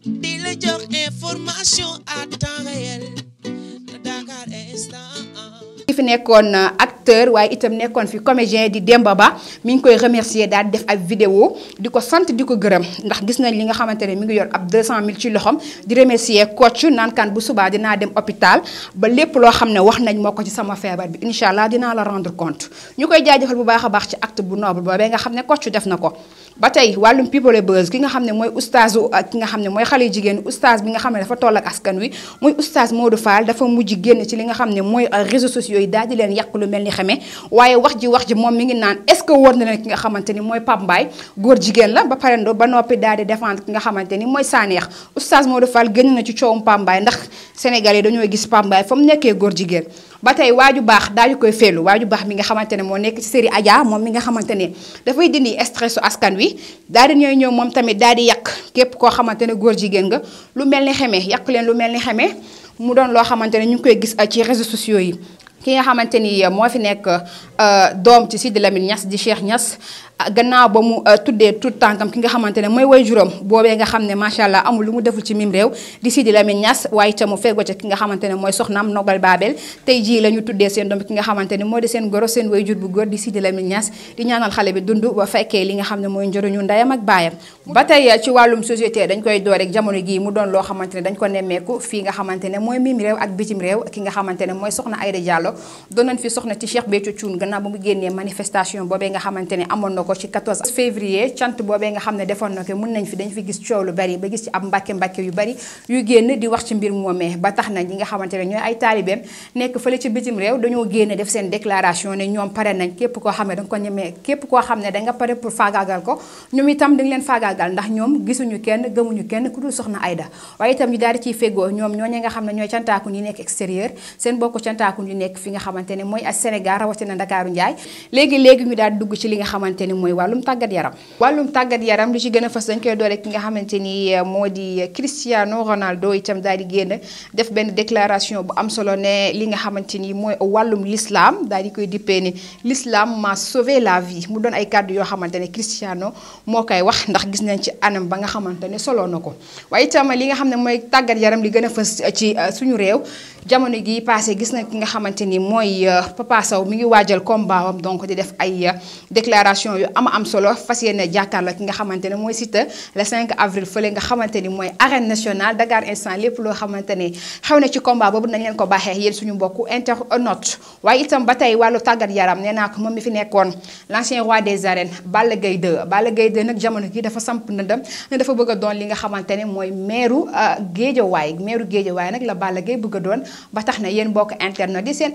di la jox information à temps réel Dakar Instant fi nekkoon uh, acteur waaye itam nekkoon fi comédien di Demba Ba mi ngi koy remercier daal def ab vidéo di ko sant di ko gërëm ndax gis nañ li nga xamante ne mi ngi yor ab 200000 ci loxom di remercier coach naan bu subaa dinaa dem hôpital ba lépp loo xam ne wax nañ moo ko ci sama feebar bi incha allah dinaa la rendre compte ñu koy jaajëfal bu baax a baax ci acte bu noble boobee nga xam ne coach def na ko ba tey wàllum people buzz ah, ki nga xam ne mooy oustaz bi nga xam ne dafa toll ak askan wi muy oustaz Modou Fall li nga xam ne mooy ah, réseaux sociaux xamee waaye wax ji wax ji moom mi ngi naan est-ce que wóor na leen ki nga xamante ni mooy Pape Mbaye góor jigéen la ba parendo ba noppi daal di défendre ki nga xamante ni mooy Sanex oustaz Modou Fall génn na ci coowum Pape Mbaye ndax sénégalais dañoo gis Pape Mbaye fa mu nekkee góor jigéen ba tey waaju baax daal daaju koy feelu waaju baax mi nga xamante ne moo nekk ci série Adja moom mi nga xamante ne dafay dindi su askan wi daal di ñooy ñëw moom tamit daal di yàq képp koo xamante ne góor jigéen nga lu mel ni xeme yàq leen lu mel ni xeme mu doon loo xamante ne ñu ngi koy gis ci réseaux sociaux yi ki nga xamante ni euh, moo fi nekk euh, doom ci Sidi Lamine Niass di Cheikh Niass euh, gannaaw ba mu tuddee tout tànkam ki nga xamante ne mooy way juróom boobee nga xam ne macha allah amul lu mu deful ci mim réew di Sidi Lamine Niass waaye itam mu feggo ca ki nga xamante ne mooy soxnaam Nobel Babel tey jii la ñu tuddee seen doom ki nga xamante ne moo di seen goro seen way jur bu góor di Sidi Lamine ñaanal xale bi dund ba li nga xam ne mooy njëriñu ndeyam ak baayam ba tey ci wàllum société dañ koy door rek jamono gii mu doon loo xamante ne dañ ko nemmeeku fii nga xamante ne mooy mim réew bitim réew ki nga xamante ne mooy soxna Aïda Diallo doon nañ fi soxna ci Cheikh Béthio Thioune gannaaw ba mu génnee manifestation boobee nga xamante ne amoon na ko ci 14 février cant boobee nga xam ne defoon na ko mun nañ fi dañ fi gis coow lu bari ba gis ci ab mbàkke mbàkke yu bari yu génn di wax ci mbir moomee ba tax na ñi nekk fële ci bitim réew dañoo génn def seen déclaration ne ñoom pare nañ képp ko ñemee képp koo xam ne danga pare pour faagaagal ko ñoom itam dañ leen faagaagal ndax ñoom gisuñu kenn gëmuñu kenn ku dul soxna Aida waaye itam ñu fi nga xamante ne mooy ak Sénégal rawatina Ndakaaru Njaay léegi léegi ñu daal dugg ci li nga xamante mooy wàllum tàggat yaram wàllum tàggat yaram lu a fës dañ koy doore ki nga xamante ni eh, moo di Cristiano Ronaldo itam daal di génn def benn déclaration bu am solo ne li nga xamante ni mooy wàllum l'islam daal di koy dippee ni l'islam m'a sauvé la vie mu doon ay kàddu yoo xamante ne Cristiano moo koy wax ndax gis nañ ci anam ba nga xamante ne soloo na ko waaye yaram li gën a fës ci eh, suñu réew jamono gi passé gis nañ ki nga xamante xamanteni moy Papa saw mi ngi waajal combat wam donc di def ay déclaration yu am am solo fas jakar la ki nga xamanteni moy site le 5 avril fële nga xamanteni moy arène nationale dagar instant lépp lo xamanteni xawna ci combat bobu nañ len ko baxé yéen suñu mbokk inter internaute waaye itam batay walu tagat yaram nena ko mom mi fi nekkoon l'ancien roi des arènes balle gay 2 balle gay 2 nak jamono ki dafa samp ndam dafa bëgg doon li nga xamanteni moy ne mooy way Géejawaay meeru way nak la balle gay bëgg doon ba tax na yéen mbokk internet di seen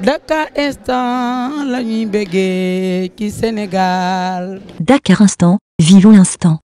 Dakar Instant la nuit béguée qui Sénégal. Dakar Instant, vivons l'instant.